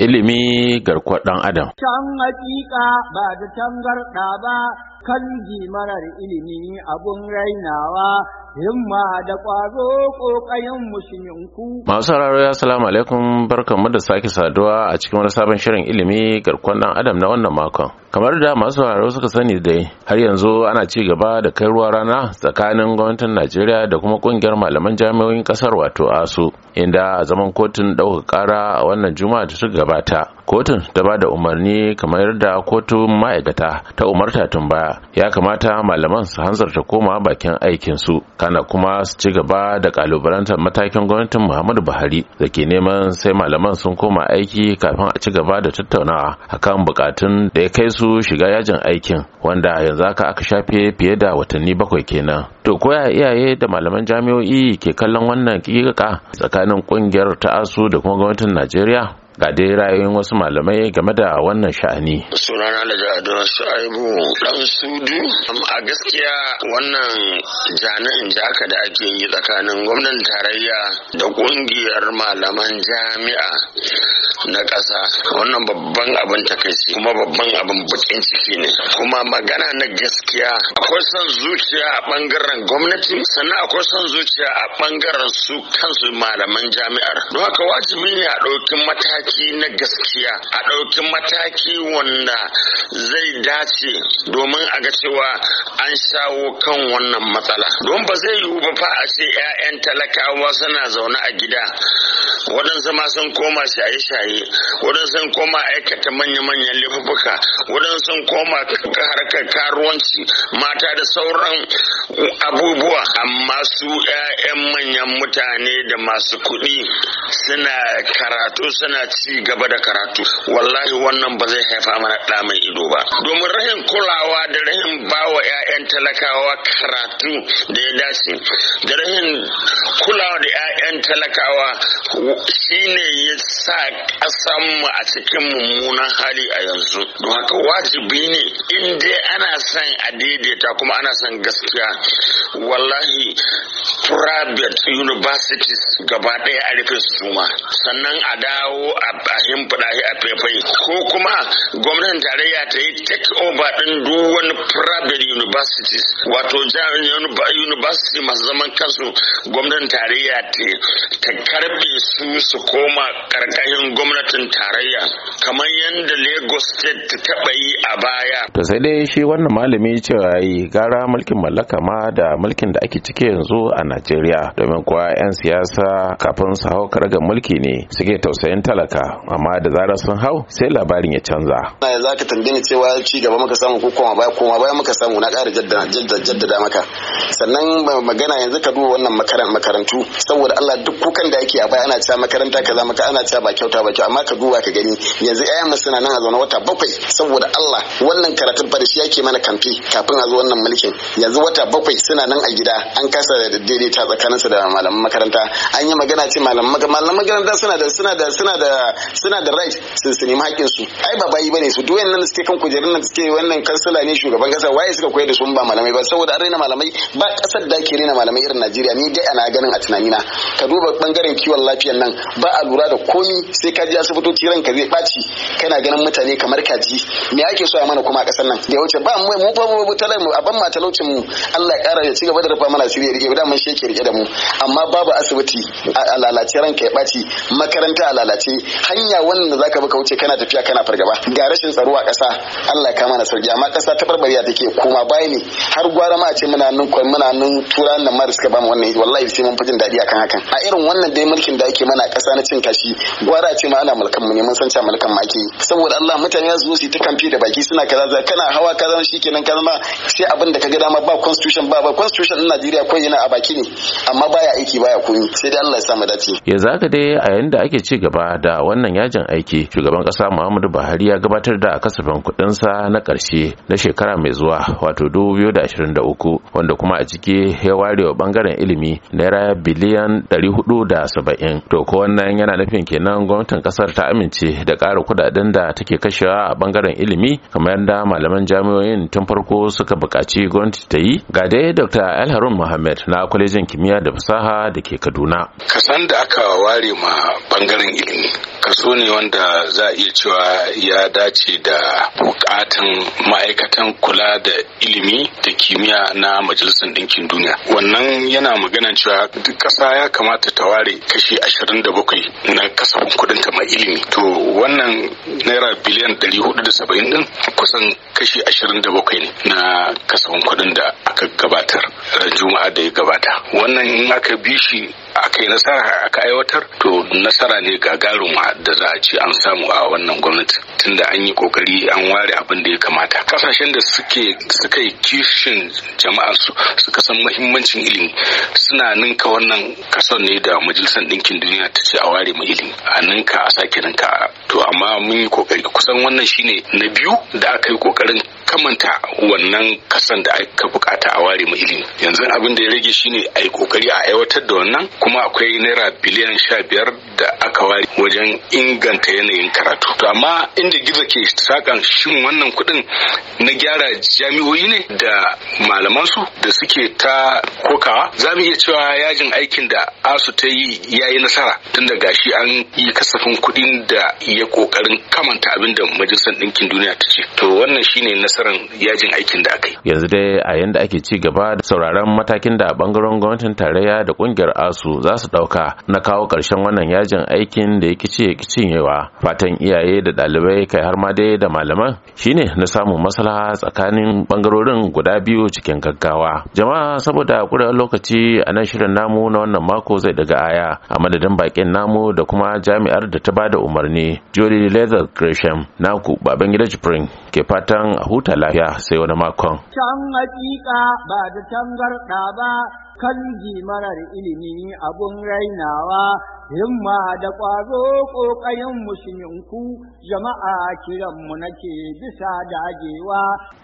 ilimi garkuwar ɗan adam. Can hakika ba da garɗa ba kan marar ilimi abun rainawa himma da ƙwazo ƙoƙayen musulminku. Masu sauraro ya salamu alaikum barkanmu da sake saduwa a cikin wani sabon shirin ilimi garkuwar ɗan adam na wannan makon. kamar da masu sauraro suka sani dai har yanzu ana ci gaba da kai ruwa rana tsakanin gwamnatin najeriya da kuma kungiyar malaman jami'o'in kasar wato asu inda a zaman kotun ɗaukar ƙara a wannan juma'a da suka gabata kotun ta ba da umarni kamar yadda kotun ma'aikata ta umarta tun baya ya kamata malaman su hanzarta koma bakin aikin su kana kuma su ci gaba da kalubalantar matakin gwamnatin muhammadu buhari da ke neman sai malaman sun koma aiki kafin a ci gaba da tattaunawa akan bukatun da ya kai su shiga yajin aikin wanda yanzu haka aka shafe fiye da watanni bakwai kenan to koya iyaye da malaman jami'o'i ke kallon wannan kika tsakanin kungiyar ta asu da kuma gwamnatin najeriya ga dai ra'ayoyin wasu malamai game da wannan sha'ani sunana da jadon shu'aibu dan sudu a gaskiya wannan jani'in jaka da ake yi tsakanin gwamnan tarayya da kungiyar malaman jami'a na ƙasa wannan babban abin takaici kuma babban abin bakin ciki ne kuma magana na gaskiya akwai son zuciya a bangaren gwamnati sannan akwai son zuciya a bangaren su kansu malaman jami'ar don haka wajibi ne a ɗauki mataki mataki na gaskiya a ɗauki mataki wanda zai dace domin a ga cewa an shawo kan wannan matsala don ba zai yiwu ba fa a ce 'ya'yan talakawa suna zaune a gida waɗansu ma sun koma shaye-shaye waɗansu sun koma aikata manya-manyan laifuka waɗansu sun koma harkar karuwanci mata da sauran abubuwa amma su 'ya'yan manyan mutane da masu kuɗi suna karatu suna ci gaba da karatu wallahi wannan ba zai haifa mana ɗa mai ido ba domin rahin kulawa da rahin bawa 'ya'yan talakawa karatu da ya dace da rahin kulawa da 'ya'yan talakawa shine ya sa mu a cikin mummunan hali a yanzu don haka wajibi ne in dai ana son a daidaita kuma ana son gaskiya wallahi private universities gaba ɗaya a rufe su suma sannan a dawo a himfiɗa a faifai ko kuma gwamnatin tarayya tarayya ta yi take over ɗin duk wani private universities wato university masu zaman kansu gwamnatin tarayya ta karbe su su koma ƙarƙashin gwamnatin tarayya kamar yadda lagos state ta taɓa yi a baya to sai dai shi wannan malami cewa yi gara mulkin mallaka ma da mulkin da ake ciki yanzu a najeriya domin kuwa 'yan siyasa kafin su hau ga mulki ne suke tausayin talaka amma da zarar sun hau sai labarin ya canza tambaye cewa ci gaba muka samu ko koma baya koma baya muka samu na ƙara jaddada maka sannan magana yanzu ka duba wannan makarantu saboda Allah duk kukan da ake a baya ana cewa makaranta kaza maka ana cewa ba kyauta ba kyau amma ka duba ka gani yanzu ƴaƴan mu suna nan a zaune wata bakwai saboda Allah wannan karatun fa da shi yake mana kamfe kafin a zo wannan mulkin yanzu wata bakwai suna nan a gida an kasa da daidaita tsakaninsu da malaman makaranta an yi magana ce malaman makaranta suna da suna da suna da suna da right su nemi hakkin su ai ba bayi bane su duk wannan suke kan kujerun nan suke wannan kansila ne shugaban kasa waye suka koyar da su ba malamai ba saboda an raina malamai ba kasar da ke raina malamai irin Najeriya ni dai ana ganin a tunani na. ka duba bangaren kiwon lafiyar nan ba a lura da komi sai ka ji asibitoci ka zai baci kana ganin mutane kamar kaji me ake so a mana kuma a kasar nan da wuce ba mu mu ba mu mu a ban matalaucin mu Allah ya kara ya ci gaba da rufa mana asiri rike da mun sheke rike da mu amma babu asibiti a lalace ran ka ya baci makaranta a lalace hanya wannan da zaka bi wuce kana tafiya kana fargaba ga rashin tsaro a kasar kasa Allah ka mana sauki amma kasa ta barbariya take koma bai ne har gwara ma a ce muna nan kwai muna nan tura nan mara suka ba mu wannan wallahi sai mun fi dadi akan hakan a irin wannan dai mulkin da ake mana kasa na cin kashi gwara a ce ma ana mulkan mu ne mun san cewa mulkan ma saboda Allah mutane za su zo su ta kamfi da baki suna kaza kana hawa kaza kenan kaza ma sai abin da ka ga dama ba constitution ba ba constitution din Najeriya kai yana a baki ne amma baya aiki baya komi sai da Allah ya sa mu dace ya zaka dai a yanda ake ci gaba da wannan yajin aiki shugaban kasa Muhammadu Buhari ya gabatar da kasafin kasafin kuɗinsa na karshe na shekara mai zuwa wato 2023 wanda kuma a ciki ya ware wa bangaren ilimi naira biliyan 470 to ko wannan yana nufin kenan gwamnatin kasar ta amince da ƙara kudaden da take kashewa a bangaren ilimi kamar yadda malaman jami'o'in tun farko suka buƙaci gwamnati ta yi ga dai dr alharun muhammad na kwalejin kimiyya da fasaha da ke kaduna kasan da aka ware ma bangaren ilimi kaso ne wanda za a iya cewa ya dace da bukatun ma'aikatan kula da ilimi da kimiyya na majalisar ɗinkin duniya wannan yana magana cewa duk ƙasa ya kamata ta ware kashi 27 na kasafin kudin ta mai ilimi to wannan naira biliyan 470 din kusan kashi 27 ne na kasafin kudin da aka gabatar juma'a da ya gabata wannan in aka bi shi A kai nasara aka aiwatar to nasara ne gagaruma da za a ce an samu a wannan gwamnati tunda an yi kokari an ware abin da ya kamata kasashen da suke suka yi kishin jama'arsu su suka san mahimmancin ilimi suna ninka wannan kason ne da majalisar ɗinkin duniya ta ce a ware mu ilimi a ninka a sake ninka to amma mun yi kokari kusan wannan shine na biyu da aka yi kokarin kamanta wannan kasan da aka bukata a ware mu ilimi yanzu abin da ya rage shine a yi kokari a aiwatar da wannan kuma akwai naira biliyan sha biyar da aka ware wajen inganta yanayin karatu to amma inda gizo ke sakan shin wannan kuɗin na gyara jami'o'i ne da malaman su da suke ta kokawa za mu iya cewa yajin aikin da asu ta yi ya yi nasara tun da gashi an yi kasafin kuɗin da ya kokarin kamanta abin da majalisar ɗinkin duniya ta ce to wannan shine nasarar yajin aikin da aka yanzu dai a yanda ake ci gaba da sauraron matakin da bangaren gwamnatin tarayya da kungiyar asu za su dauka na kawo ƙarshen wannan yajin aikin da ya kici ya cinyewa fatan iyaye da ɗalibai kai har ma dai da malaman shine na samun maslaha tsakanin bangarorin guda biyu cikin gaggawa jama'a saboda kurewar lokaci a nan shirin namu na wannan mako zai daga aya a madadin bakin namu da kuma jami'ar da ta bada umarni Jody Leather Gresham naku baban gida Jibrin ke fatan a huta lafiya sai wani makon. Can hakika ba da tangarɗa ba kan marar ilimi abun rainawa himma da ƙwazo ƙoƙarin musulminku jama'a kiranmu nake bisa dagewa.